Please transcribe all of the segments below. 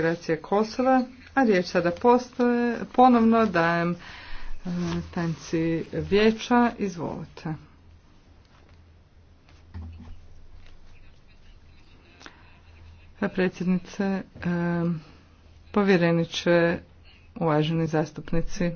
integracije Kosova, a riječ sada postoje. Ponovno dajem e, tanci vijeća. Izvolite. Predsjednice, e, povjereniče, uvaženi zastupnici,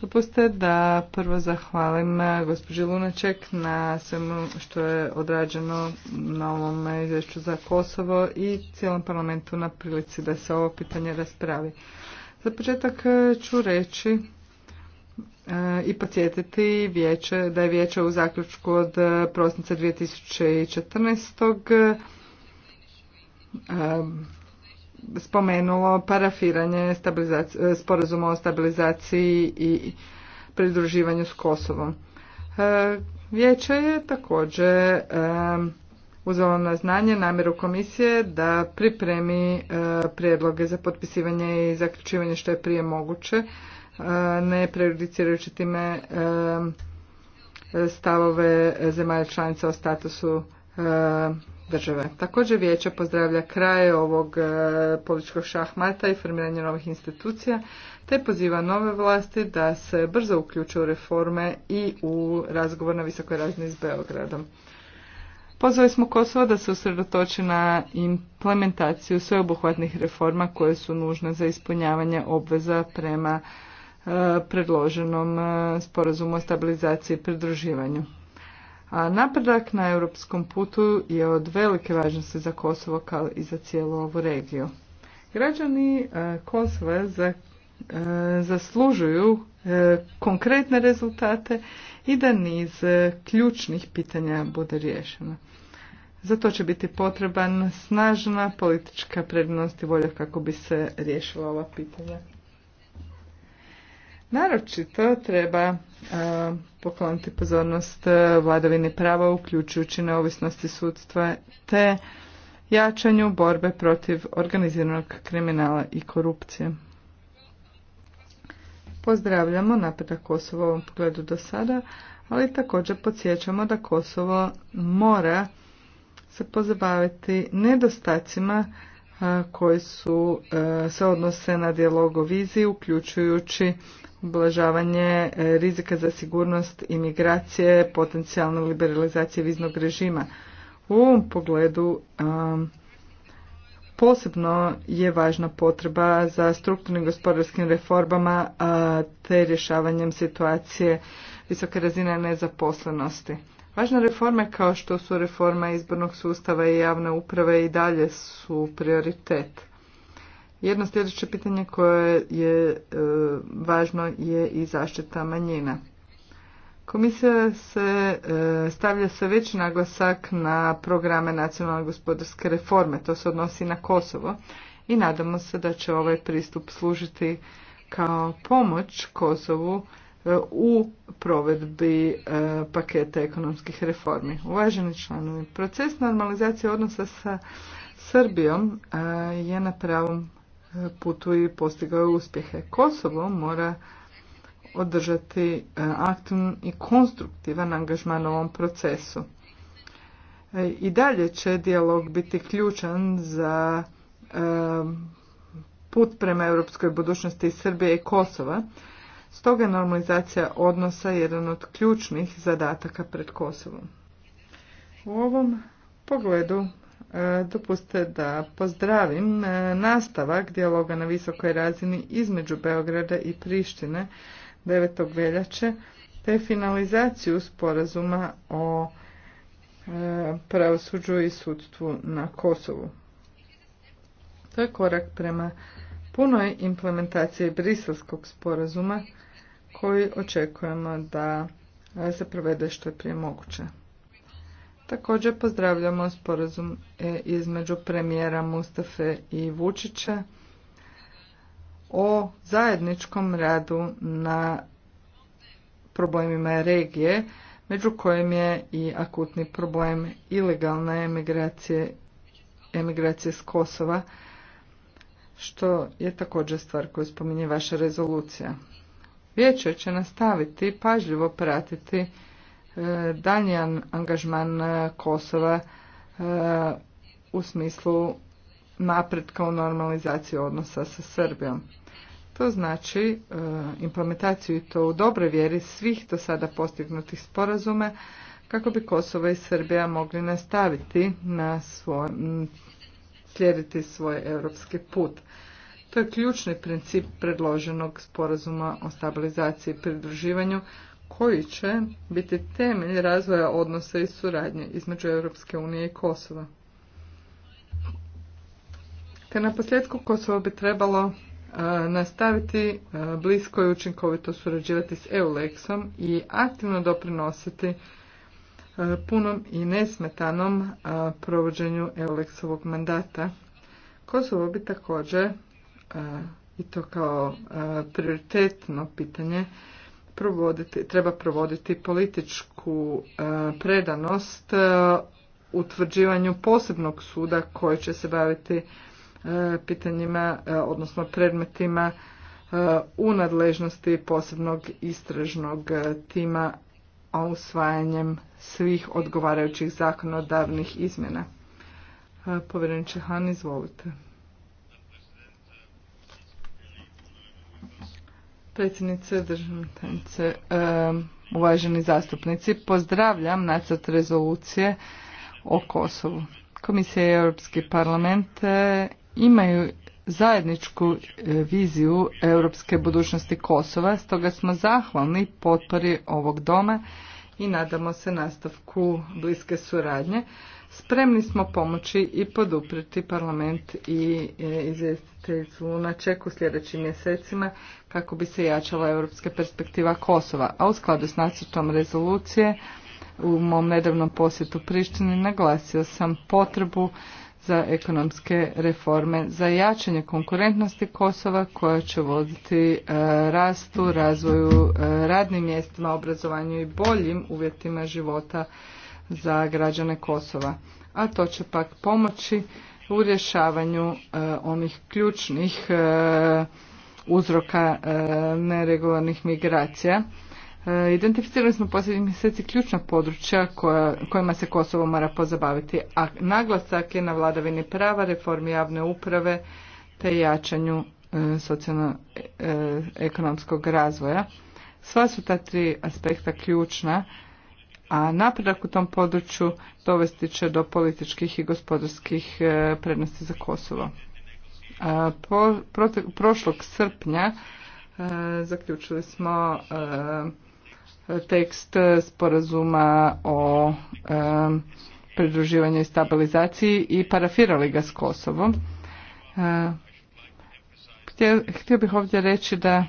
Dopustite da prvo zahvalim eh, gospođi Lunaček na svemu što je odrađeno na ovom izvješću za Kosovo i cijelom parlamentu na prilici da se ovo pitanje raspravi. Za početak eh, ću reći eh, i podsjetiti vijeće, da je vijeće u zaključku od prosinca 2014 spomenulo parafiranje e, sporazuma o stabilizaciji i pridruživanju s Kosovom. E, vijeće je također e, uzelo na znanje namjeru komisije da pripremi prijedloge za potpisivanje i zaključivanje što je prije moguće, ne prejudicirajući time stavove zemalja članica o statusu E, države. Također vijeće pozdravlja kraj ovog e, političkog šahmata i formiranje novih institucija te poziva nove vlasti da se brzo uključe u reforme i u razgovor na visokoj razini s Beogradom. Pozvali smo Kosovo da se usredotoči na implementaciju sveobuhvatnih reforma koje su nužne za ispunjavanje obveza prema e, predloženom sporazumu o stabilizaciji i pridruživanju. A napredak na europskom putu je od velike važnosti za Kosovo kao i za cijelu ovu regiju. Građani e, Kosova e, zaslužuju e, konkretne rezultate i da niz ključnih pitanja bude riješeno. Za to će biti potreban snažna politička prednost i volja kako bi se riješila ova pitanja. Naročito treba e, pokloniti pozornost e, vladavini prava uključujući neovisnosti sudstva te jačanju borbe protiv organiziranog kriminala i korupcije. Pozdravljamo napredak Kosova u ovom pogledu do sada, ali također podsjećamo da Kosovo mora se pozabaviti nedostacima e, koji su, se odnose na dijalog o viziji, uključujući ublažavanje e, rizika za sigurnost imigracije, potencijalna liberalizacije viznog režima. U ovom pogledu posebno je važna potreba za strukturnim gospodarskim reformama te rješavanjem situacije visoke razine nezaposlenosti. Važne reforme kao što su reforma izbornog sustava i javne uprave i dalje su prioritet. Jedno sljedeće pitanje koje je e, važno je i zaštita manjina. Komisija se e, stavlja sve veći naglasak na programe nacionalne gospodarske reforme, to se odnosi na Kosovo i nadamo se da će ovaj pristup služiti kao pomoć Kosovu e, u provedbi paketa ekonomskih reformi. Uvaženi članovi, proces normalizacije odnosa sa Srbijom je na pravom putu i postigao uspjehe. Kosovo mora održati e, aktivan i konstruktivan angažman u ovom procesu. E, I dalje će dijalog biti ključan za e, put prema europskoj budućnosti Srbije i Kosova. Stoga je normalizacija odnosa jedan od ključnih zadataka pred Kosovom. U ovom pogledu E, dopuste da pozdravim e, nastavak dijaloga na visokoj razini između Beograda i Prištine 9. veljače te finalizaciju sporazuma o e, pravosuđu i sudstvu na Kosovu. To je korak prema punoj implementaciji briselskog sporazuma koji očekujemo da se provede što je prije moguće. Također pozdravljamo sporazum e, između premijera Mustafe i Vučića o zajedničkom radu na problemima regije, među kojim je i akutni problem ilegalne emigracije, emigracije s Kosova, što je također stvar koju spominje vaša rezolucija. Vijeće će nastaviti pažljivo pratiti daljnji angažman e, Kosova e, u smislu napretka u normalizaciji odnosa sa Srbijom. To znači e, implementaciju i to u dobre vjeri svih do sada postignutih sporazume kako bi Kosovo i Srbija mogli nastaviti na svoj, slijediti svoj europski put. To je ključni princip predloženog sporazuma o stabilizaciji i pridruživanju koji će biti temelj razvoja odnosa i suradnje između Europske unije i Kosova. Te na posljedku Kosovo bi trebalo e, nastaviti e, blisko i učinkovito surađivati s EULEX-om i aktivno doprinositi e, punom i nesmetanom provođenju EULEX-ovog mandata. Kosovo bi također, i to kao prioritetno pitanje, provoditi, treba provoditi političku e, predanost e, utvrđivanju posebnog suda koji će se baviti e, pitanjima, odnosno predmetima u nadležnosti posebnog istražnog tima, a usvajanjem svih odgovarajućih zakonodavnih izmjena. Povjereniče Han, izvolite. predsjednice, državne tajnice, uvaženi zastupnici. Pozdravljam nacrt rezolucije o Kosovu. Komisija i Europski parlament e, imaju zajedničku e, viziju europske budućnosti Kosova, stoga smo zahvalni potpori ovog doma i nadamo se nastavku bliske suradnje. Spremni smo pomoći i poduprijeti parlament i e, izvjestiteljicu na u sljedećim mjesecima kako bi se jačala europska perspektiva Kosova. A u skladu s nacrtom rezolucije u mom nedavnom posjetu Prištini naglasio sam potrebu za ekonomske reforme, za jačanje konkurentnosti Kosova koja će voditi e, rastu, razvoju e, radnim mjestima, obrazovanju i boljim uvjetima života za građane Kosova. A to će pak pomoći u rješavanju e, onih ključnih uzroka neregularnih migracija E, identificirali smo posljednjih mjeseci ključna područja kojima se Kosovo mora pozabaviti, a naglasak je na vladavini prava, reformi javne uprave te jačanju e, socijalno-ekonomskog e, razvoja. Sva su ta tri aspekta ključna, a napredak u tom području dovesti će do političkih i gospodarskih prednosti za Kosovo. po, prošlog srpnja zaključili smo tekst sporazuma o pridruživanju i stabilizaciji i parafirali ga s Kosovom. Htio, bih ovdje reći da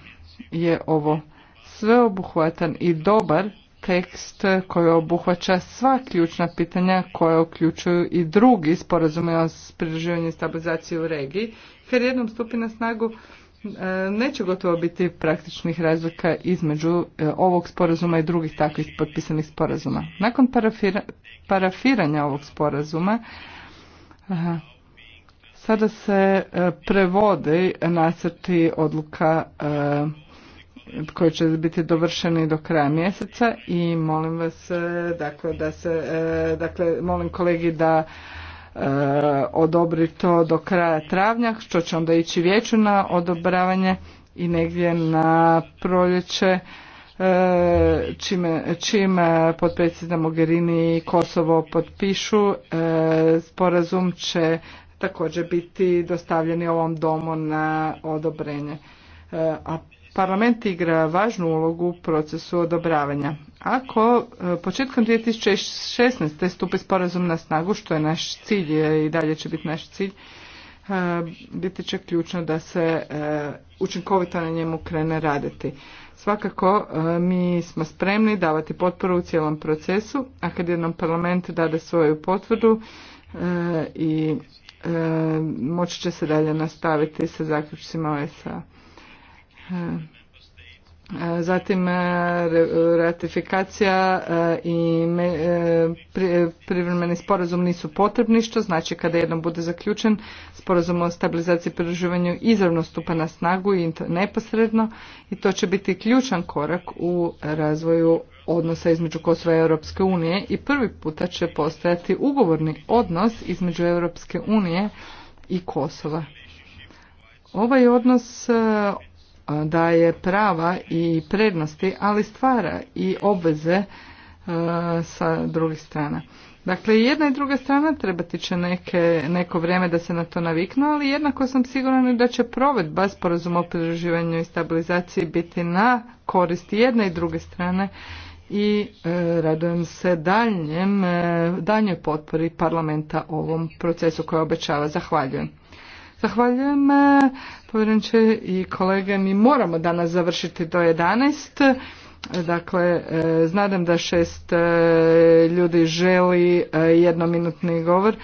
je ovo sveobuhvatan i dobar tekst koji obuhvaća sva ključna pitanja koja uključuju i drugi sporazume o pridruživanju i stabilizaciji u regiji. Kad jednom stupi na snagu neće gotovo biti praktičnih razlika između e, ovog sporazuma i drugih takvih potpisanih sporazuma. Nakon parafiranja ovog sporazuma sada se e, prevode nacrti odluka e, koji će biti dovršeni do kraja mjeseca i molim vas dakle da se dakle molim kolegi da E, odobri to do kraja travnja, što će onda ići vijeću na odobravanje i negdje na proljeće e, čime, čim e, potpredsjednica Mogherini i Kosovo potpišu sporazum će također biti dostavljeni ovom domu na odobrenje. A parlament igra važnu ulogu u procesu odobravanja. Ako e, početkom 2016. stupi sporazum na snagu, što je naš cilj i dalje će biti naš cilj, e, biti će ključno da se e, učinkovito na njemu krene raditi. Svakako mi smo spremni davati potporu u cijelom procesu, a kad jednom parlament dade svoju potvrdu i moći će se dalje nastaviti sa zaključcima OSA. Eh, zatim eh, ratifikacija eh, i privremeni sporazum nisu potrebni, što znači kada jednom bude zaključen, sporazum o stabilizaciji i pridruživanju izravno stupa na snagu i neposredno i to će biti ključan korak u razvoju odnosa između Kosova i Europske unije i prvi puta će postojati ugovorni odnos između Europske unije i Kosova. Ovaj odnos daje prava i prednosti, ali stvara i obveze e, sa drugih strana. Dakle, jedna i druga strana trebati će neke, neko vrijeme da se na to naviknu, ali jednako sam siguran da će provedba sporazuma o pridruživanju i stabilizaciji biti na koristi jedne i druge strane i e, radujem se daljnjem, e, daljnjoj potpori parlamenta ovom procesu koje obećava. Zahvaljujem. Zahvaljujem e, povjerenče i kolege. Mi moramo danas završiti do 11. Dakle, e, znam da šest e, ljudi želi jednominutni govor,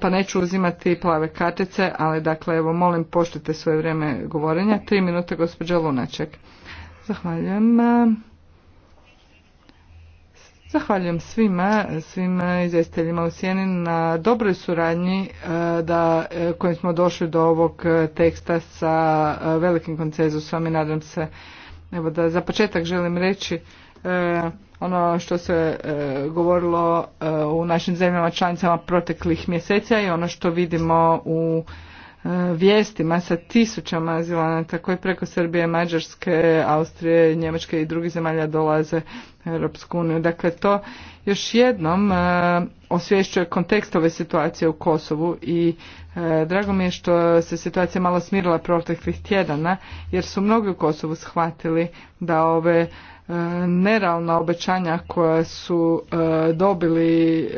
pa neću uzimati plave kartice, ali dakle, evo, molim, poštite svoje vrijeme govorenja. Tri minute, gospođa Lunaček. Zahvaljujem. Zahvaljujem svima, svim e, izvjestiteljima u sjeni na dobroj suradnji e, da, e, kojim smo došli do ovog teksta sa velikim koncezusom i nadam se evo da za početak želim reći ono što se govorilo u našim zemljama članicama proteklih mjeseca i ono što vidimo u vijestima sa tisućama azilanata koji preko Srbije, Mađarske, Austrije, Njemačke i drugih zemalja dolaze Europsku Dakle, to još jednom e, osvješćuje kontekst ove situacije u Kosovu i e, drago mi je što se situacija malo smirila proteklih tjedana jer su mnogi u Kosovu shvatili da ove e, nerealna obećanja koja su dobili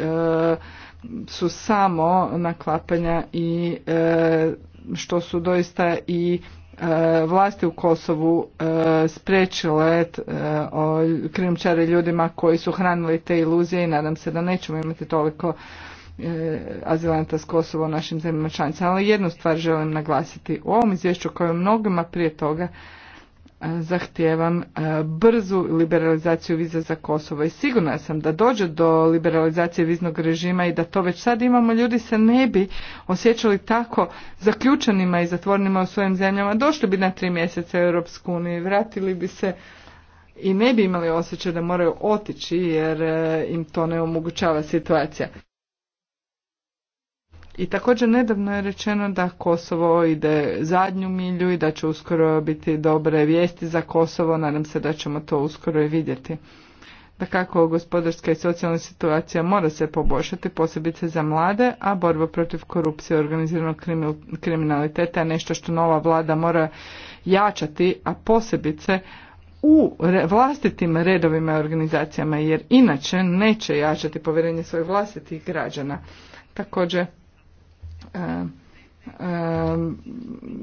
su samo naklapanja i što su doista i E, vlasti u Kosovu e, spriječile e, krijumčare ljudima koji su hranili te iluzije i nadam se da nećemo imati toliko azilanta s Kosovo u našim zemljama članicama. Ali jednu stvar želim naglasiti. U ovom izvješću koje mnogima prije toga zahtijevam e, brzu liberalizaciju viza za Kosovo i sigurna sam da dođe do liberalizacije viznog režima i da to već sad imamo, ljudi se ne bi osjećali tako zaključenima i zatvorenima u svojim zemljama, došli bi na tri mjeseca u Europsku uniju, vratili bi se i ne bi imali osjećaj da moraju otići jer e, im to ne omogućava situacija. I također nedavno je rečeno da Kosovo ide zadnju milju i da će uskoro biti dobre vijesti za Kosovo. Nadam se da ćemo to uskoro i vidjeti. Da kako gospodarska i socijalna situacija mora se poboljšati, posebice za mlade, a borba protiv korupcije i organiziranog kriminaliteta je nešto što nova vlada mora jačati, a posebice u vlastitim redovima i organizacijama, jer inače neće jačati povjerenje svojih vlastitih građana. Također,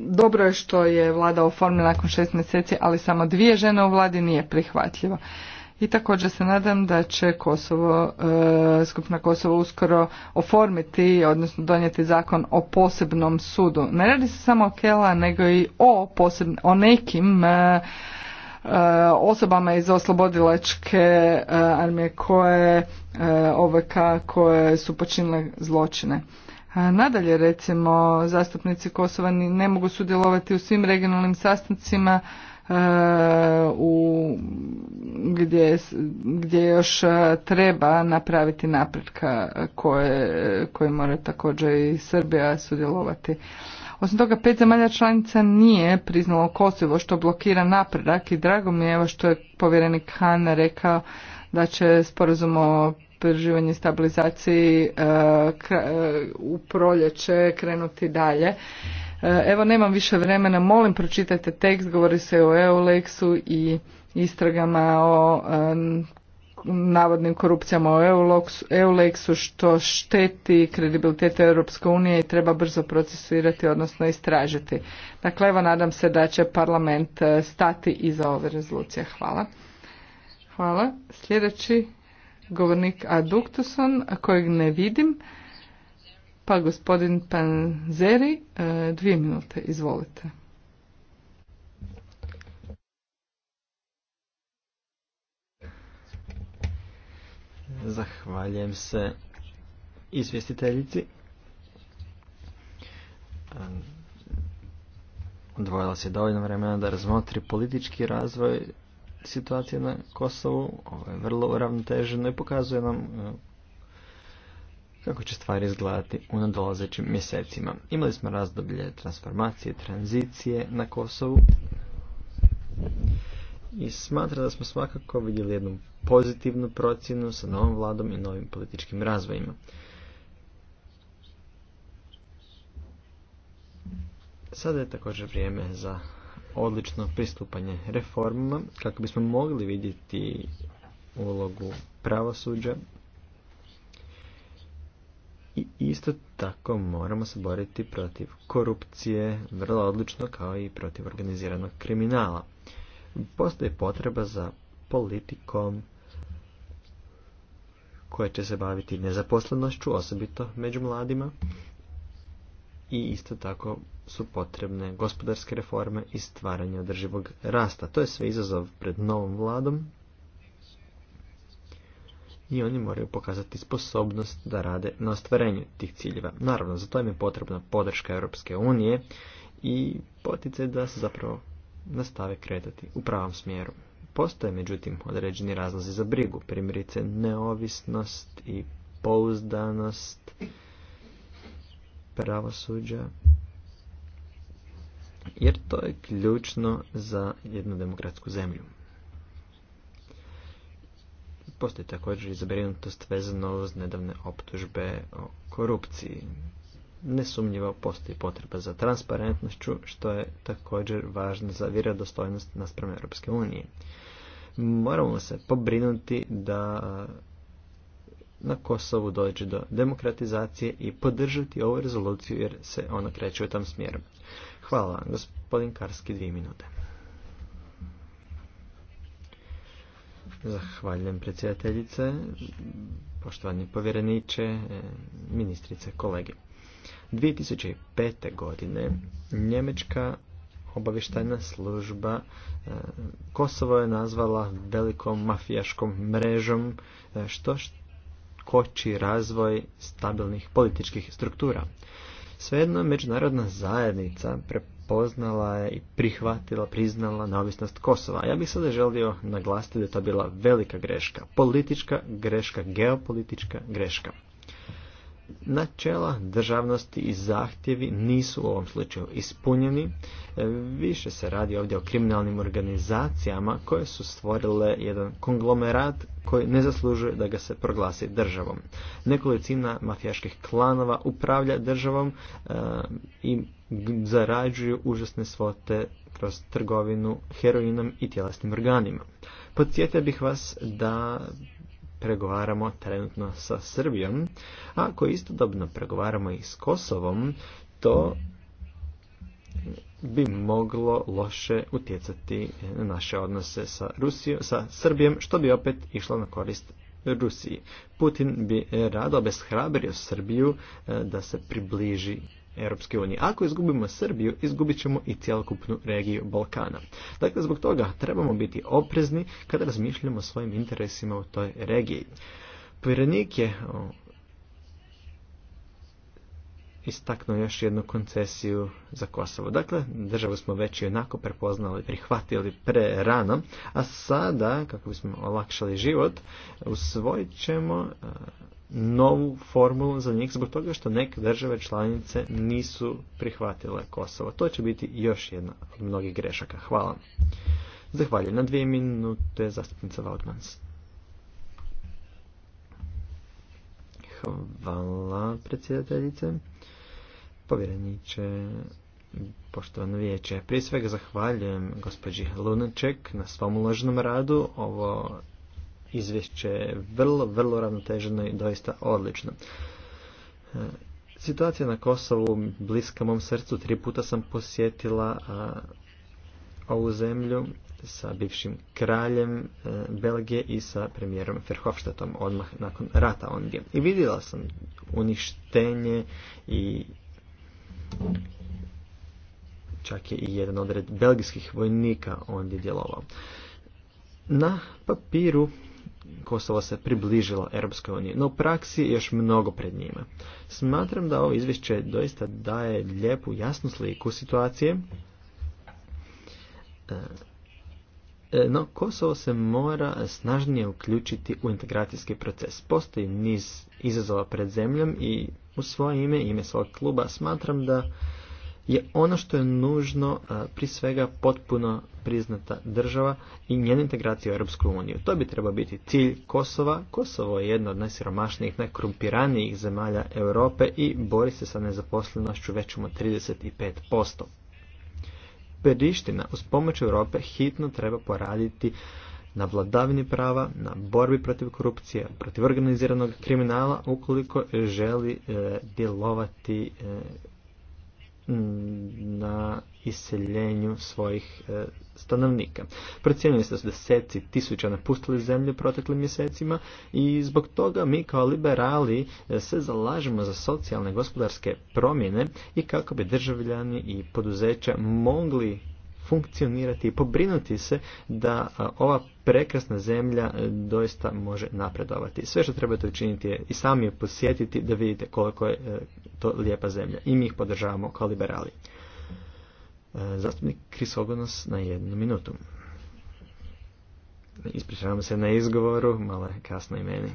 dobro je što je vlada oformila nakon šest mjeseci, ali samo dvije žene u vladi nije prihvatljivo. I također se nadam da će Kosovo, e, skupna Kosovo uskoro oformiti, odnosno donijeti zakon o posebnom sudu. Ne radi se samo o Kela, nego i o, o nekim e, e, osobama iz oslobodilačke armije koje OVK koje su počinile zločine. Nadalje, recimo, zastupnici Kosova ne mogu sudjelovati u svim regionalnim sastancima e, u, gdje, gdje još e, treba napraviti napretka koje, koje mora također i Srbija sudjelovati. Osim toga, pet zemalja članica nije priznalo Kosovo što blokira napredak i drago mi je evo što je povjerenik Han rekao da će sporazum o pridruživanje stabilizaciji e, e, u proljeće krenuti dalje. E, evo nemam više vremena, molim pročitajte tekst, govori se o EULEX-u i istragama o navodnim korupcijama o u što šteti kredibilitetu Europske unije i treba brzo procesuirati, odnosno istražiti. Dakle, evo nadam se da će parlament stati iza ove rezolucije. Hvala. Hvala. Sljedeći govornik Aduktuson, kojeg ne vidim. Pa gospodin Panzeri, e, dvije minute, izvolite. Zahvaljujem se izvjestiteljici. Odvojila se dovoljno vremena da razmotri politički razvoj situacija na Kosovu. je vrlo uravnoteženo i pokazuje nam e, kako će stvari izgledati u nadolazećim mjesecima. Imali smo razdoblje transformacije, tranzicije na Kosovu i smatra da smo svakako vidjeli jednu pozitivnu procjenu sa novom vladom i novim političkim razvojima. Sada je također vrijeme za odlično pristupanje reformama kako bismo mogli vidjeti ulogu pravosuđa i isto tako moramo se boriti protiv korupcije vrlo odlično kao i protiv organiziranog kriminala. Postoji potreba za politikom koja će se baviti nezaposlenošću, osobito među mladima, i isto tako su potrebne gospodarske reforme i stvaranje održivog rasta. To je sve izazov pred novom vladom i oni moraju pokazati sposobnost da rade na ostvarenju tih ciljeva. Naravno, za to im je potrebna podrška Europske unije i potice da se zapravo nastave kretati u pravom smjeru. Postoje međutim određeni razlozi za brigu, primjerice neovisnost i pouzdanost pravosuđa, jer to je ključno za jednu demokratsku zemlju. Postoji također izabrinutost vezano uz nedavne optužbe o korupciji. Nesumnjivo postoji potreba za transparentnošću, što je također važno za vjerodostojnost naspram Europske unije. Moramo se pobrinuti da na Kosovu dođe do demokratizacije i podržati ovu rezoluciju jer se ona kreće u tom smjeru. Hvala gospodin Karski, dvije minute. Zahvaljujem predsjedateljice, poštovani povjereniče, ministrice, kolege. 2005. godine Njemečka obavještajna služba e, Kosovo je nazvala velikom mafijaškom mrežom e, što koči razvoj stabilnih političkih struktura. Svejedno, međunarodna zajednica prepoznala je i prihvatila, priznala neovisnost Kosova. Ja bih sada želio naglasiti da je to bila velika greška. Politička greška, geopolitička greška. Načela državnosti i zahtjevi nisu u ovom slučaju ispunjeni. E, više se radi ovdje o kriminalnim organizacijama koje su stvorile jedan konglomerat koji ne zaslužuje da ga se proglasi državom. Nekolicina mafijaških klanova upravlja državom e, i zarađuju užasne svote kroz trgovinu heroinom i tjelesnim organima. Podsjetio bih vas da pregovaramo trenutno sa Srbijom, a ako istodobno pregovaramo i s Kosovom, to bi moglo loše utjecati na naše odnose sa, Rusijom, sa Srbijom, što bi opet išlo na korist Rusiji. Putin bi rado obeshrabrio Srbiju eh, da se približi Europske Ako izgubimo Srbiju, izgubit ćemo i cjelokupnu regiju Balkana. Dakle, zbog toga trebamo biti oprezni kada razmišljamo o svojim interesima u toj regiji. Povjerenik je istaknuo još jednu koncesiju za Kosovo. Dakle, državu smo već i onako prepoznali, prihvatili pre rano, a sada, kako bismo olakšali život, usvojit ćemo novu formulu za njih zbog toga što neke države članice nisu prihvatile Kosovo. To će biti još jedna od mnogih grešaka. Hvala. Zahvaljujem na dvije minute zastupnica Vaudmans. Hvala predsjedateljice. Povjereniče, poštovano vijeće. Prije svega zahvaljujem gospođi Lunaček na svom uloženom radu. Ovo izvješće je vrlo, vrlo ravnoteženo i doista odlično. E, situacija na Kosovu bliska mom srcu. Tri puta sam posjetila ovu zemlju sa bivšim kraljem e, Belgije i sa premijerom Verhofstadtom odmah nakon rata ondje. I vidjela sam uništenje i čak je i jedan odred belgijskih vojnika ondje djelovao. Na papiru Kosovo se približilo Europskoj uniji, no u praksi još mnogo pred njima. Smatram da ovo izvješće doista daje lijepu, jasnu sliku situacije, e, e, no Kosovo se mora snažnije uključiti u integracijski proces. Postoji niz izazova pred zemljom i u svoje ime, ime svog kluba, smatram da je ono što je nužno pri svega potpuno priznata država i njena integracija u Europsku uniju. To bi trebao biti cilj Kosova. Kosovo je jedna od najsiromašnijih, najkorumpiranijih zemalja Europe i bori se sa nezaposlenošću većom od 35%. Periština uz pomoć Europe hitno treba poraditi na vladavini prava, na borbi protiv korupcije, protiv organiziranog kriminala ukoliko želi e, djelovati e, Mm, na iseljenju svojih e, stanovnika. Procijenili se da su deseci tisuća napustili zemlju proteklim mjesecima i zbog toga mi kao liberali e, se zalažemo za socijalne gospodarske promjene i kako bi državljani i poduzeća mogli funkcionirati i pobrinuti se da ova prekrasna zemlja e, doista može napredovati. Sve što trebate učiniti je i sami je posjetiti da vidite koliko je e, to lijepa zemlja. I mi ih podržavamo kao liberali. E, zastupnik Krisogonos na jednu minutu. Ispričavam se na izgovoru, malo je kasno i meni.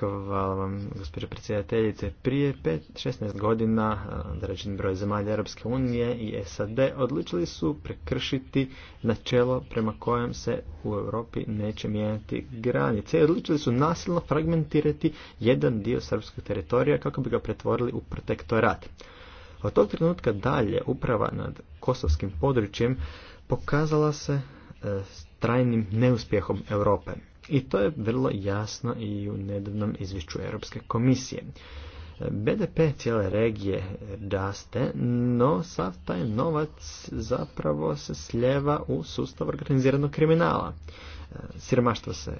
Hvala vam, gospođo predsjedateljice. Prije 5, 16 godina e, određen broj zemalja Europske unije i SAD odlučili su prekršiti načelo prema kojem se u Europi neće mijenjati granice. I odlučili su nasilno fragmentirati jedan dio srpskog teritorija kako bi ga pretvorili u protektorat. Od tog trenutka dalje uprava nad kosovskim područjem pokazala se e, trajnim neuspjehom Europe. I to je vrlo jasno i u nedavnom izvješću Europske komisije. BDP cijele regije raste, no sav taj novac zapravo se sljeva u sustav organiziranog kriminala. Siromaštvo se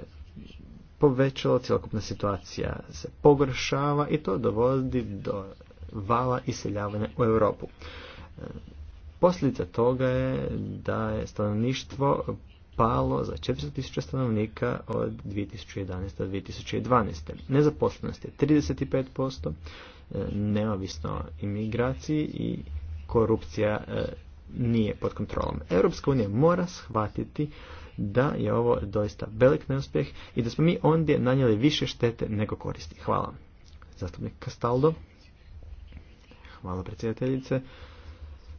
povećalo, cjelokupna situacija se pogoršava i to dovodi do vala iseljavanja u Europu. Posljedica toga je da je stanovništvo palo za 400.000 stanovnika od 2011. do 2012. Nezaposlenost je 35%, e, neovisno o imigraciji i korupcija e, nije pod kontrolom. Europska unija mora shvatiti da je ovo doista velik neuspjeh i da smo mi ondje nanijeli više štete nego koristi. Hvala. Zastupnik Kastaldo. Hvala predsjedateljice.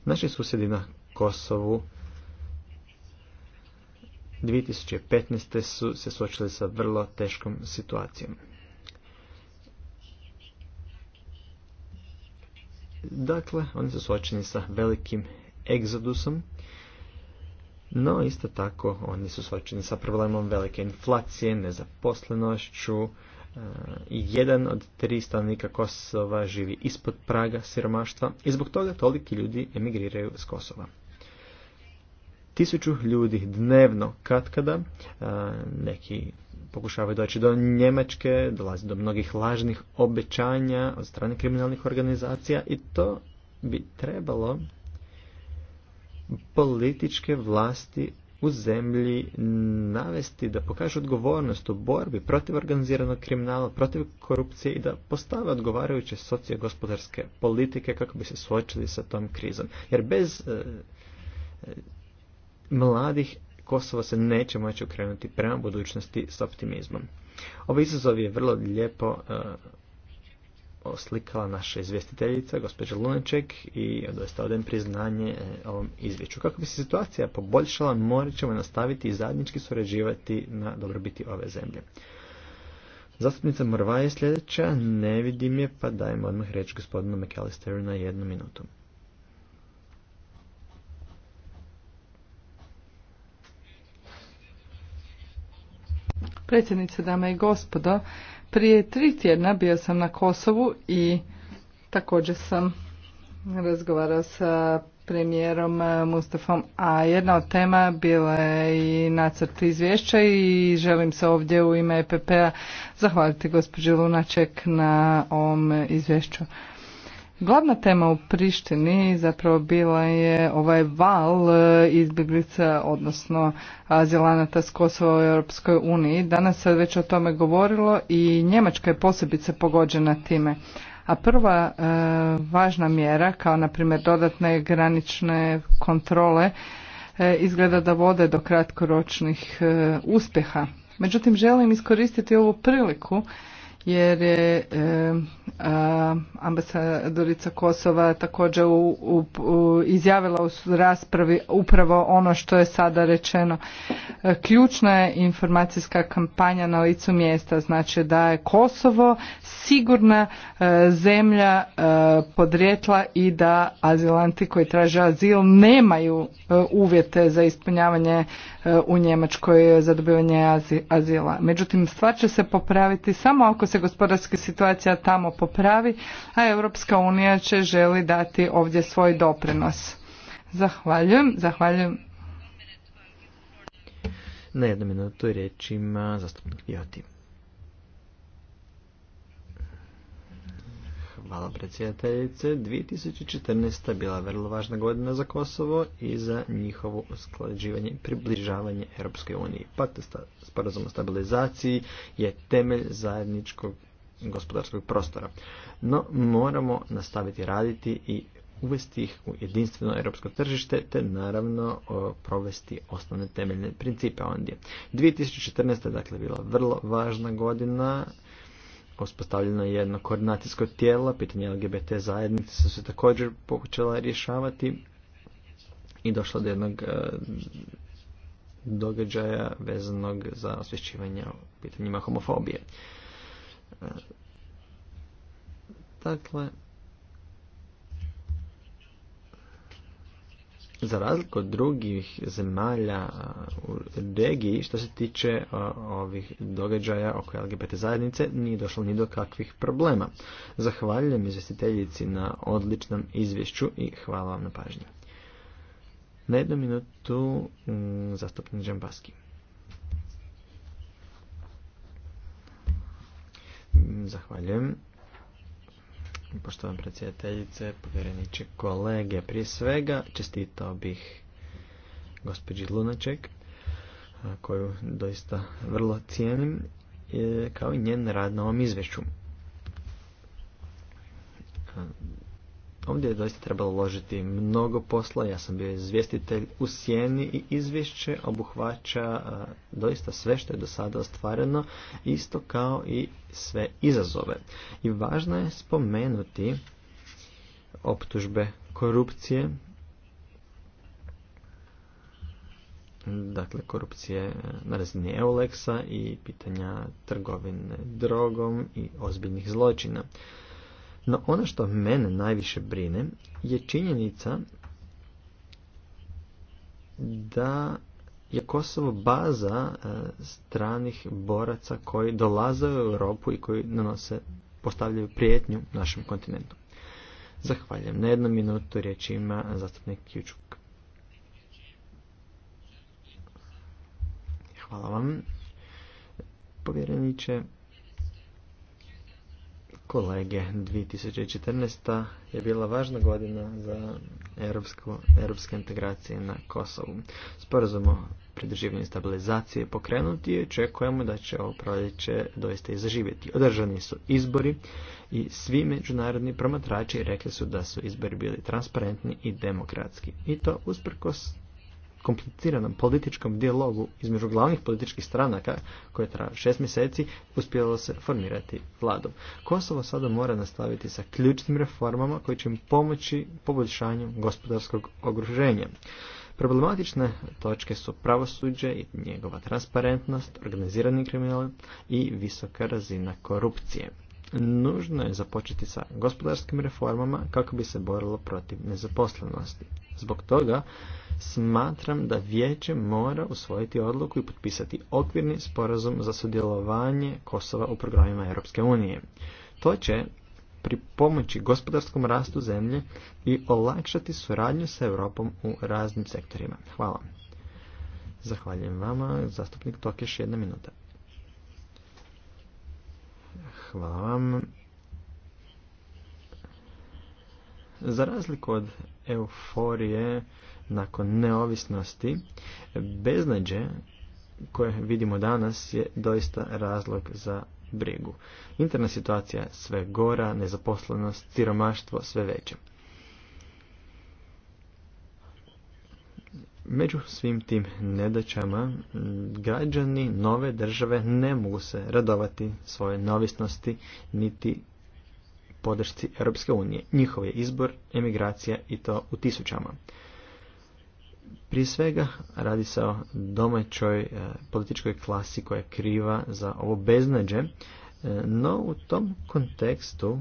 Naši susjedi na Kosovu 2015. su se suočili sa vrlo teškom situacijom. Dakle, oni su suočeni sa velikim egzodusom, no isto tako oni su suočeni sa problemom velike inflacije, nezaposlenošću, e, jedan od tri stanovnika Kosova živi ispod praga siromaštva i zbog toga toliki ljudi emigriraju iz Kosova tisuću ljudi dnevno katkada, neki pokušavaju doći do Njemačke, dolazi do mnogih lažnih obećanja od strane kriminalnih organizacija i to bi trebalo političke vlasti u zemlji navesti da pokažu odgovornost u borbi protiv organiziranog kriminala, protiv korupcije i da postave odgovarajuće socijogospodarske politike kako bi se suočili sa tom krizom. Jer bez e, e, mladih Kosovo se neće moći okrenuti prema budućnosti s optimizmom. Ovaj izazov je vrlo lijepo e, oslikala naša izvjestiteljica, gospođa Lunaček, i doista odem priznanje e, ovom izvješću. Kako bi se situacija poboljšala, morat ćemo nastaviti i zajednički surađivati na dobrobiti ove zemlje. Zastupnica Morva je sljedeća, ne vidim je, pa dajemo odmah reći gospodinu McAllisteru na jednu minutu. Predsjednice, dame i gospodo, prije tri tjedna bio sam na Kosovu i također sam razgovarao sa premijerom eh, Mustafom, a jedna od tema bila je i nacrt izvješća i želim se ovdje u ime EPP-a zahvaliti gospođi Lunaček na ovom izvješću. Glavna tema u Prištini zapravo bila je ovaj val e, izbjeglica, odnosno azilanata s Kosova u Europskoj uniji. Danas se već o tome govorilo i Njemačka je posebice pogođena time. A prva e, važna mjera, kao na primjer dodatne granične kontrole, e, izgleda da vode do kratkoročnih uspjeha. Međutim, želim iskoristiti ovu priliku jer je ambasadorica Kosova također u, izjavila u raspravi upravo ono što je sada rečeno. E, ključna je informacijska kampanja na licu mjesta, znači da je Kosovo sigurna e, zemlja e, podrijetla i da azilanti koji traže azil nemaju uvjete za ispunjavanje u Njemačkoj za dobivanje azila. Međutim, stvar će se popraviti samo ako se gospodarska situacija tamo popravi, a Europska unija će želi dati ovdje svoj doprinos. Zahvaljujem, zahvaljujem. Na jednu minutu i ima zastupnik Joti. Hvala predsjedateljice. 2014. bila vrlo važna godina za Kosovo i za njihovo usklađivanje i približavanje Europskoj uniji. Pakt sporazum o stabilizaciji je temelj zajedničkog gospodarskog prostora. No moramo nastaviti raditi i uvesti ih u jedinstveno europsko tržište te naravno provesti osnovne temeljne principe ondje. 2014. dakle bila vrlo važna godina uspostavljeno je jedno koordinacijsko tijelo, pitanje LGBT zajednice su se također počela rješavati i došlo do jednog e, događaja vezanog za osvješćivanje o pitanjima homofobije. Dakle, za razliku od drugih zemalja u regiji, što se tiče ovih događaja oko LGBT zajednice, nije došlo ni do kakvih problema. Zahvaljujem izvjestiteljici na odličnom izvješću i hvala vam na pažnji. Na jednu minutu mm, zastupnik Zahvaljujem. Poštovana predsjedateljice, povjereniče kolege, prije svega čestitao bih gospođi Lunaček, koju doista vrlo cijenim, e, kao i njen rad na ovom izvješću. Ovdje je doista trebalo uložiti mnogo posla, ja sam bio izvjestitelj u sjeni i izvješće obuhvaća e, doista sve što je do sada ostvareno, isto kao i sve izazove. I važno je spomenuti optužbe korupcije, dakle korupcije na razini Eulexa i pitanja trgovine drogom i ozbiljnih zločina. No ono što mene najviše brine je činjenica da je Kosovo baza e, stranih boraca koji dolaze u Europu i koji nanose, postavljaju prijetnju našem kontinentu. Zahvaljujem. Na jednu minutu riječ ima zastupnik Kjučuk. Hvala vam. Povjereniče, kolege, 2014. je bila važna godina za europske integracije na Kosovu. Sporazum o stabilizacije pokrenuti i očekujemo da će ovo proljeće doista i zaživjeti. Održani su izbori i svi međunarodni promatrači rekli su da su izbori bili transparentni i demokratski. I to usprkos kompliciranom političkom dijalogu između glavnih političkih stranaka koje traju šest mjeseci uspjelo se formirati vladu. Kosovo sada mora nastaviti sa ključnim reformama koji će im pomoći poboljšanju gospodarskog ogruženja. Problematične točke su pravosuđe i njegova transparentnost, organizirani kriminal i visoka razina korupcije. Nužno je započeti sa gospodarskim reformama kako bi se borilo protiv nezaposlenosti. Zbog toga smatram da vijeće mora usvojiti odluku i potpisati okvirni sporazum za sudjelovanje Kosova u programima Europske unije. To će pri pomoći gospodarskom rastu zemlje i olakšati suradnju sa Europom u raznim sektorima. Hvala. Zahvaljujem vama, zastupnik Tokeš, jedna minuta. Hvala vam. Za razliku od euforije nakon neovisnosti, beznađe koje vidimo danas je doista razlog za brigu. Interna situacija sve gora, nezaposlenost, siromaštvo sve veće. Među svim tim nedaćama građani nove države ne mogu se radovati svoje neovisnosti niti podršci Europske unije. Njihov je izbor, emigracija i to u tisućama. Prije svega radi se o domaćoj e, političkoj klasi koja je kriva za ovo beznađe, e, no u tom kontekstu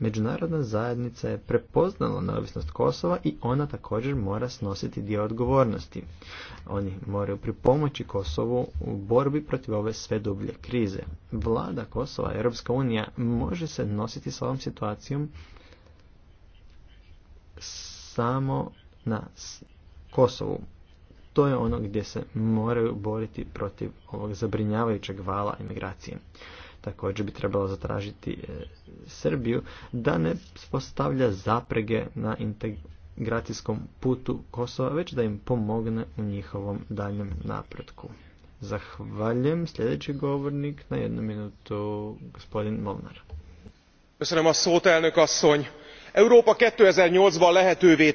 međunarodna zajednica je prepoznala neovisnost Kosova i ona također mora snositi dio odgovornosti. Oni moraju pripomoći Kosovu u borbi protiv ove sve dublje krize. Vlada Kosova, Europska unija, može se nositi s ovom situacijom samo na Kosovu. To je ono gdje se moraju boriti protiv ovog zabrinjavajućeg vala imigracije također bi trebala zatražiti e, Srbiju da ne postavlja zaprege na integracijskom putu Kosova, već da im pomogne u njihovom daljem napretku. Zahvaljujem. Sljedeći govornik na jednu minutu, gospodin Molnar. Köszönöm a szót, elnök asszony. Európa 2008-ban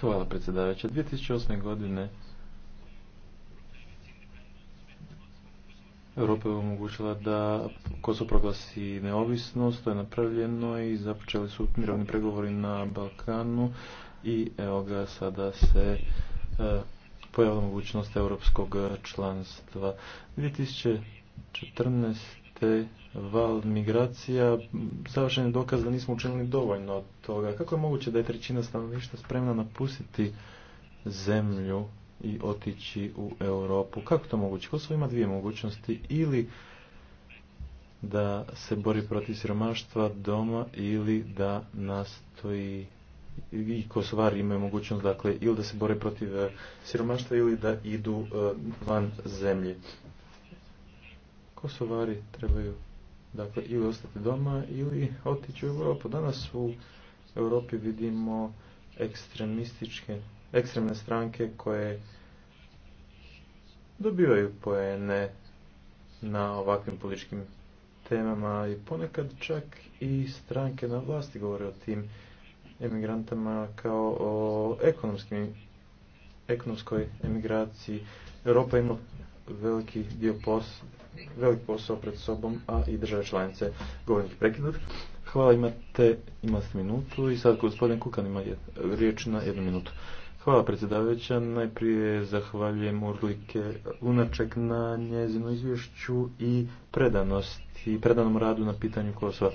Hvala predsjedavajuća. 2008. godine Europa je omogućila da Kosovo proglasi neovisnost, to je napravljeno i započeli su mirovni pregovori na Balkanu i evo ga sada se e, pojavila mogućnost europskog članstva. 2014. val migracija, savršen je dokaz da nismo učinili dovoljno od toga. Kako je moguće da je trećina stanovništva spremna napustiti zemlju i otići u Europu. Kako to moguće? Kosovo ima dvije mogućnosti ili da se bori protiv siromaštva doma ili da nastoji i Kosovari imaju mogućnost dakle ili da se bore protiv e, siromaštva ili da idu e, van zemlje. Kosovari trebaju dakle ili ostati doma ili otići u Europu. Danas u Europi vidimo ekstremističke ekstremne stranke koje dobivaju poene na ovakvim političkim temama i ponekad čak i stranke na vlasti govore o tim emigrantama kao o ekonomskim, ekonomskoj emigraciji. Europa ima veliki dio posla, velik posao pred sobom, a i države članice govornih prekinut. Hvala, imate, imate minutu i sad gospodin Kukan ima riječ na jednu minutu. Hvala predsjedavajuća. Najprije zahvaljujem Urlike Lunaček na njezinu izvješću i predanosti, predanom radu na pitanju Kosova.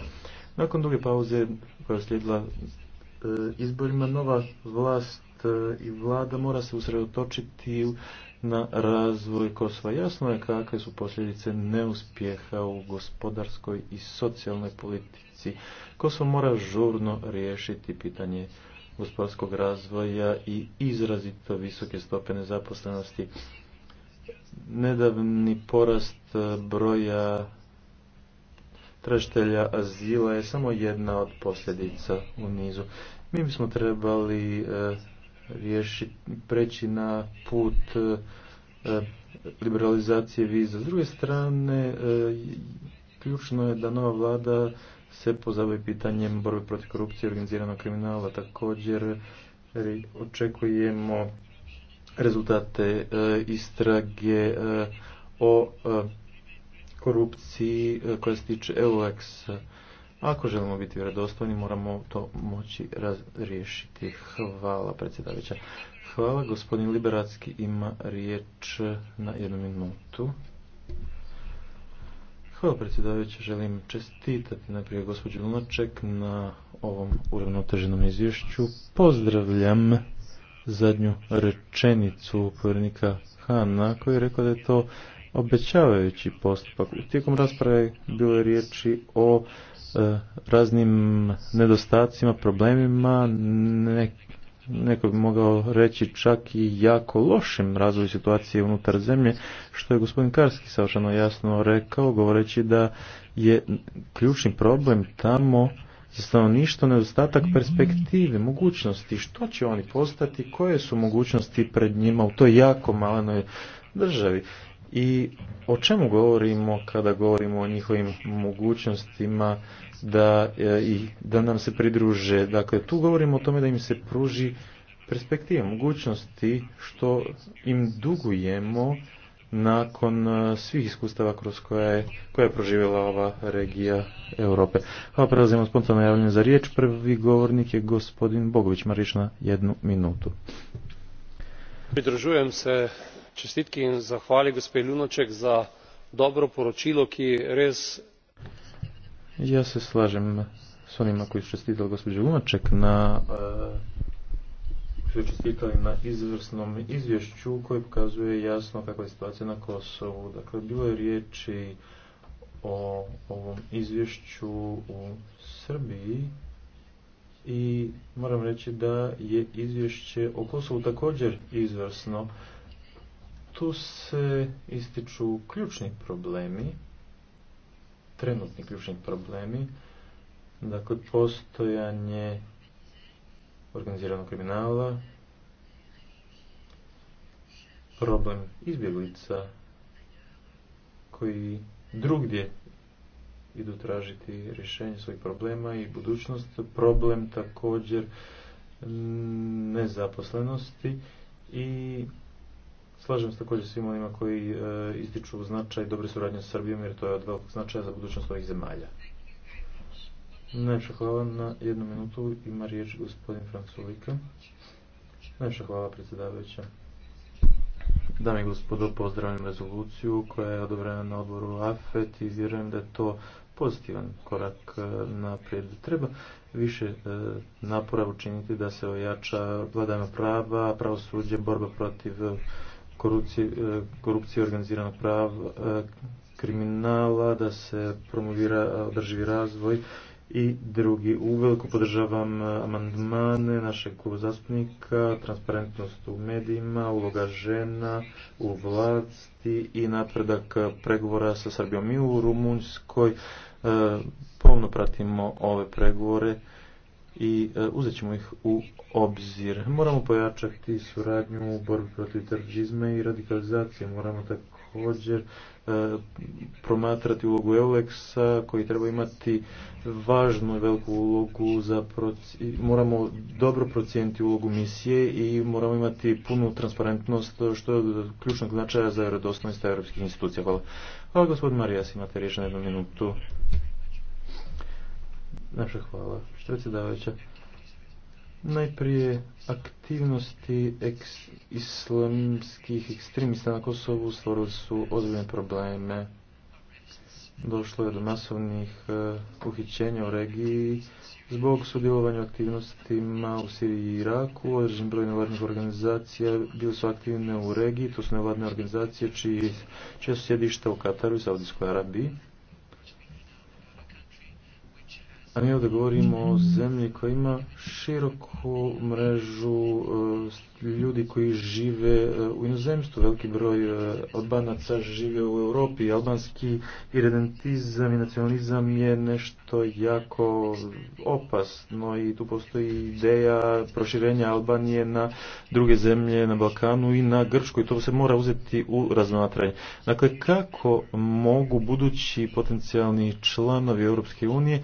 Nakon duge pauze koja je slijedila e, izborima, nova vlast e, i vlada mora se usredotočiti na razvoj Kosova. Jasno je kakve su posljedice neuspjeha u gospodarskoj i socijalnoj politici. Kosovo mora žurno riješiti pitanje gospodarskog razvoja i izrazito visoke stope nezaposlenosti. Nedavni porast broja tražitelja azila je samo jedna od posljedica u nizu. Mi bismo trebali e, riješiti, preći na put e, liberalizacije viza. S druge strane, e, ključno je da nova vlada se pozabavi pitanjem borbe protiv korupcije i organiziranog kriminala. Također očekujemo rezultate e, istrage e, o e, korupciji koja se tiče EUX. Ako želimo biti vjerodostojni, moramo to moći razriješiti. Hvala predsjedavića. Hvala, gospodin Liberacki ima riječ na jednu minutu. Hvala predsjedavajući, želim čestitati najprije gospođu Lunaček na ovom uravnoteženom izvješću. Pozdravljam zadnju rečenicu povjerenika Hanna koji je rekao da je to obećavajući postupak. Tijekom rasprave bilo je riječi o e, raznim nedostacima, problemima, ne, neko bi mogao reći čak i jako lošim razvoju situacije unutar zemlje, što je gospodin Karski savršeno jasno rekao, govoreći da je ključni problem tamo za stanovništvo nedostatak perspektive, mogućnosti, što će oni postati, koje su mogućnosti pred njima u toj jako malenoj državi. I o čemu govorimo kada govorimo o njihovim mogućnostima da, e, i da nam se pridruže. Dakle, tu govorimo o tome da im se pruži perspektiva, mogućnosti što im dugujemo nakon e, svih iskustava kroz koje, koje je proživjela ova regija Europe. Hvala, prelazimo spontano javljanje za riječ. Prvi govornik je gospodin Bogović Marić na jednu minutu. Pridružujem se čestitki in zahvali gospe Lunoček za dobro poročilo, ki res ja se slažem s onima koji su čestitali gospođu Lunaček na e, su čestitali na izvrsnom izvješću koje pokazuje jasno kakva je situacija na Kosovu. Dakle, bilo je riječi o ovom izvješću u Srbiji i moram reći da je izvješće o Kosovu također izvrsno. Tu se ističu ključni problemi trenutni ključni problemi. Dakle, postojanje organiziranog kriminala, problem izbjeglica koji drugdje idu tražiti rješenje svojih problema i budućnost, problem također nezaposlenosti i Slažem se također svim onima koji e, ističu značaj dobre suradnje sa Srbijom jer to je od velikog značaja za budućnost ovih zemalja. Najviše hvala na jednu minutu. Ima riječ gospodin Franculika. Najviše hvala predsjedavajuća. Dame i gospodo, pozdravljam rezoluciju koja je odobrena na odboru AFET i vjerujem da je to pozitivan korak e, naprijed. Treba više e, napora učiniti da se ojača vladavno prava, pravosuđe, borba protiv korupcije, organiziranog prava, e, kriminala, da se promovira e, održivi razvoj i drugi. Uveliko podržavam e, amandmane našeg kluba zastupnika, transparentnost u medijima, uloga žena u vlasti i napredak pregovora sa Srbijom i u Rumunjskoj. Pomno pratimo ove pregovore i e, uzet ćemo ih u obzir. Moramo pojačati suradnju u borbi protiv terorizma i radikalizacije. Moramo također e, promatrati ulogu EULEX-a koji treba imati važnu i veliku ulogu za moramo dobro procijeniti ulogu misije i moramo imati punu transparentnost što je od ključnog značaja za vjerodostojnost europskih institucija. Hvala. Hvala gospodin Marijas, imate riječ na jednu minutu. Naša hvala predsjedavajuća. Najprije aktivnosti eks islamskih ekstremista na Kosovu stvorili su ozbiljne probleme. Došlo je do masovnih eh, uhićenja u regiji zbog sudjelovanja aktivnostima u Siriji i Iraku. Određen broj nevladnih organizacija bili su aktivne u regiji, to su nevladne organizacije čije, čije su sjedišta u Kataru i Saudijskoj Arabiji A mi ovdje govorimo o zemlji koja ima široku mrežu e, ljudi koji žive e, u inozemstvu. Veliki broj e, Albanaca žive u Europi. Albanski iridentizam i nacionalizam je nešto jako opasno i tu postoji ideja proširenja Albanije na druge zemlje, na Balkanu i na Grčku i to se mora uzeti u razmatranje. Dakle, kako mogu budući potencijalni članovi Europske unije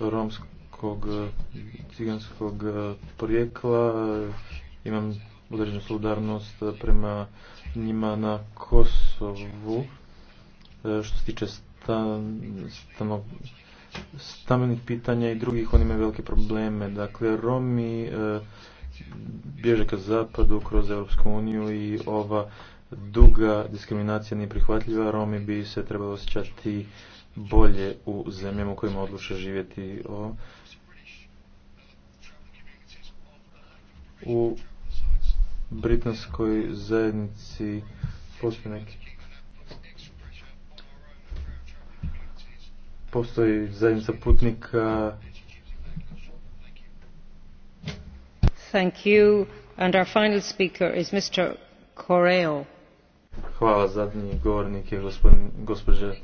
romskog e, ciganskog e, porijekla. Imam određenu solidarnost e, prema njima na Kosovu. Što se tiče pitanja i drugih, oni imaju velike probleme. Dakle, Romi bježe ka zapadu kroz Europsku uniju i ova duga diskriminacija nije prihvatljiva. Romi bi se trebalo osjećati bolje u zemljama u kojima odluče živjeti o u britanskoj zajednici postoji neki postoji zajednica putnika Thank you. And our final speaker is Mr. Correo. Hvala, zadnji govornik je gospođa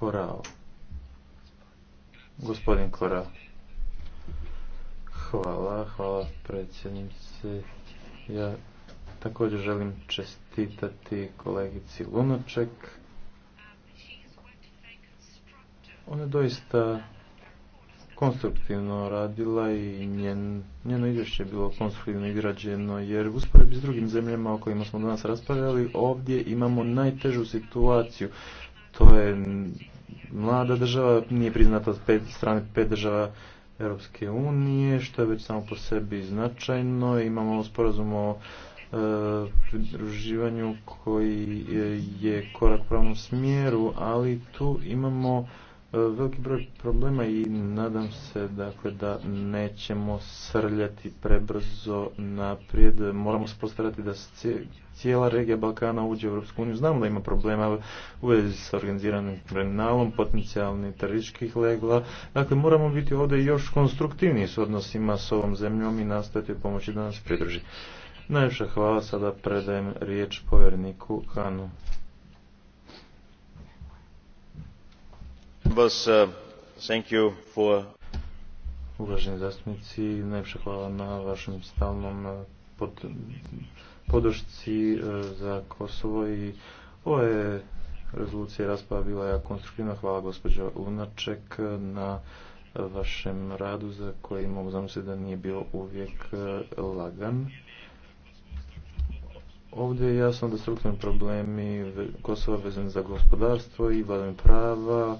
Korao. Gospodin Korao. Hvala, hvala predsjednice. Ja također želim čestitati kolegici Lunoček. Ona je doista konstruktivno radila i njeno izvješće je bilo konstruktivno izrađeno jer usporedbi s drugim zemljama o kojima smo danas raspravljali ovdje imamo najtežu situaciju. To je mlada država, nije priznata od pet, strane pet država Europske unije, što je već samo po sebi značajno. Imamo sporazum o e, pridruživanju koji je korak u pravnom smjeru, ali tu imamo veliki broj problema i nadam se dakle da nećemo srljati prebrzo naprijed. Moramo se postarati da cijela regija Balkana uđe u Europsku uniju. Znamo da ima problema u vezi sa organiziranim kriminalom, potencijalni terorističkih legla. Dakle, moramo biti ovdje još konstruktivniji s odnosima s ovom zemljom i nastojati pomoći da nas pridruži. Najviše hvala, sada predajem riječ povjerniku Hanu. Uh, Uvaženi zastupnici, najpša hvala na vašem stalnom uh, podršci uh, za Kosovo i ove je rezolucija i rasprava bila jako konstruktivna. Hvala gospođa Lunaček na vašem radu za koji mogu zamisliti da nije bio uvijek lagan. Ovdje je jasno da strukturni problemi Kosova vezani za gospodarstvo i vladavim prava,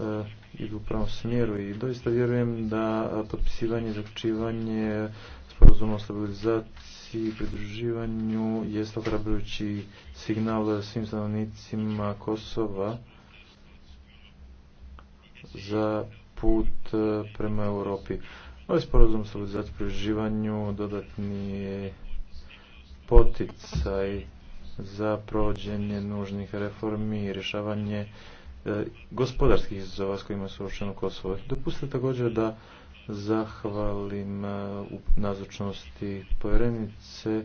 E, idu u pravom smjeru i doista vjerujem da potpisivanje i zaključivanje sporazuma o stabilizaciji i pridruživanju je ohrabrujući signal svim stanovnicima Kosova za put e, prema Europi. Ovaj sporazum o stabilizaciji pridruživanju dodatni je poticaj za provođenje nužnih reformi i rješavanje E, gospodarskih izazova s kojima su u Kosovo. Dopustite također da zahvalim e, u nazočnosti povjerenice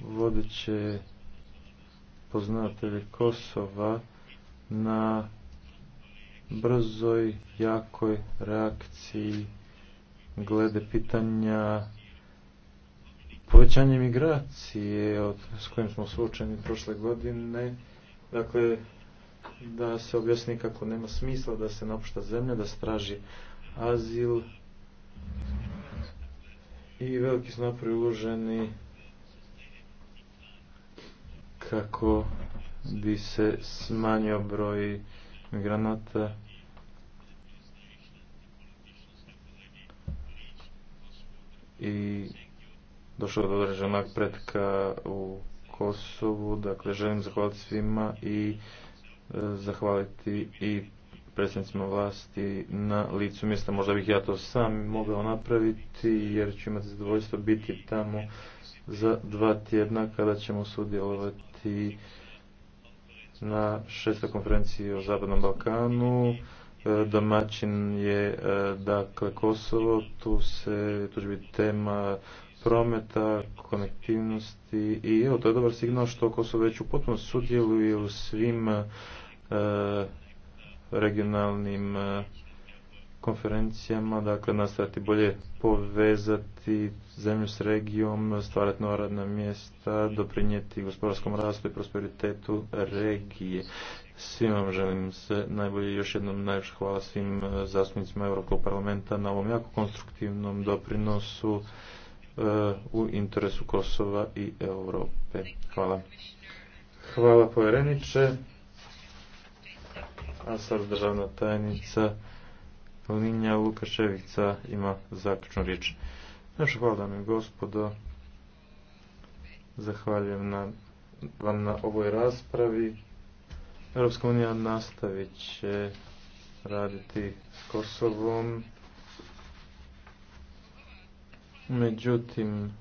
vodeće poznatelje Kosova na brzoj, jakoj reakciji glede pitanja Povećanje migracije od, s kojim smo suočeni prošle godine, dakle, da se objasni kako nema smisla da se napušta zemlja, da straži azil i veliki su napori kako bi se smanjio broj migranata i došlo do određenog pretka u Kosovu. Dakle, želim zahvaliti svima i e, zahvaliti i predsjednicima vlasti na licu mjesta. Možda bih ja to sam mogao napraviti jer ću imati zadovoljstvo biti tamo za dva tjedna kada ćemo sudjelovati na šestoj konferenciji o Zapadnom Balkanu. E, domaćin je e, dakle Kosovo, tu, se, tu će biti tema prometa, konektivnosti i evo to je dobar signal što Kosovo već u potpunosti sudjeluje u svim e, regionalnim e, konferencijama, dakle nastaviti bolje povezati zemlju s regijom, stvarati nova radna mjesta, doprinijeti gospodarskom rastu i prosperitetu regije. Svima vam želim se najbolje još jednom najviše hvala svim e, zastupnicima Europskog parlamenta na ovom jako konstruktivnom doprinosu u interesu Kosova i Europe. Hvala. Hvala povjereniče. A sad državna tajnica Linja Lukaševica ima zaključnu riječ. još hvala dame gospodo. Zahvaljujem na, vam na ovoj raspravi. Europska unija nastavit će raditi s Kosovom Međutim,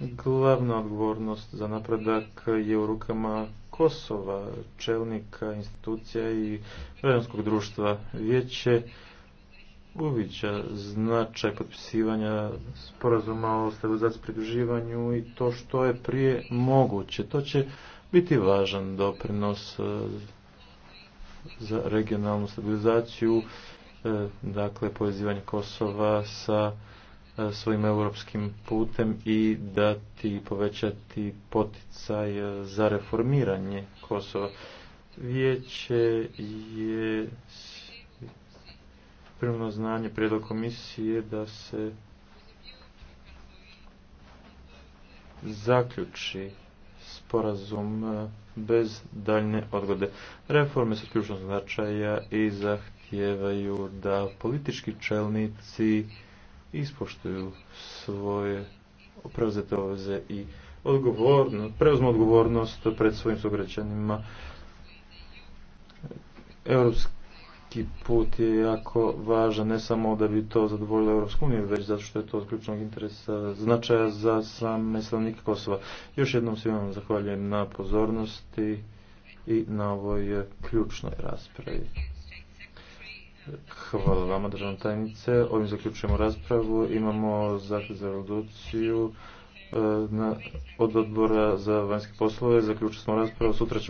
glavna odgovornost za napredak je u rukama Kosova, čelnika, institucija i građanskog društva. Vijeće Uviđa značaj potpisivanja sporazuma o stabilizaciji pridruživanju i to što je prije moguće. To će biti važan doprinos e, za regionalnu stabilizaciju, e, dakle povezivanje Kosova sa E, svojim europskim putem i dati povećati poticaj e, za reformiranje Kosova. Vijeće je primno znanje prijedlog komisije da se zaključi sporazum e, bez daljne odgode. Reforme su ključnog značaja i zahtijevaju da politički čelnici ispoštuju svoje preuzete obveze i odgovorno, preuzmu odgovornost pred svojim sugrađanima. Europski put je jako važan, ne samo da bi to zadovoljilo Europsku uniju, već zato što je to od ključnog interesa značaja za sam stanovnike Kosova. Još jednom svima vam zahvaljujem na pozornosti i na ovoj ključnoj raspravi. Hvala vama, državna tajnice. Ovim zaključujemo raspravu. Imamo zahtjev za reduciju eh, od odbora za vanjske poslove. Zaključili smo raspravu. Sutra ćemo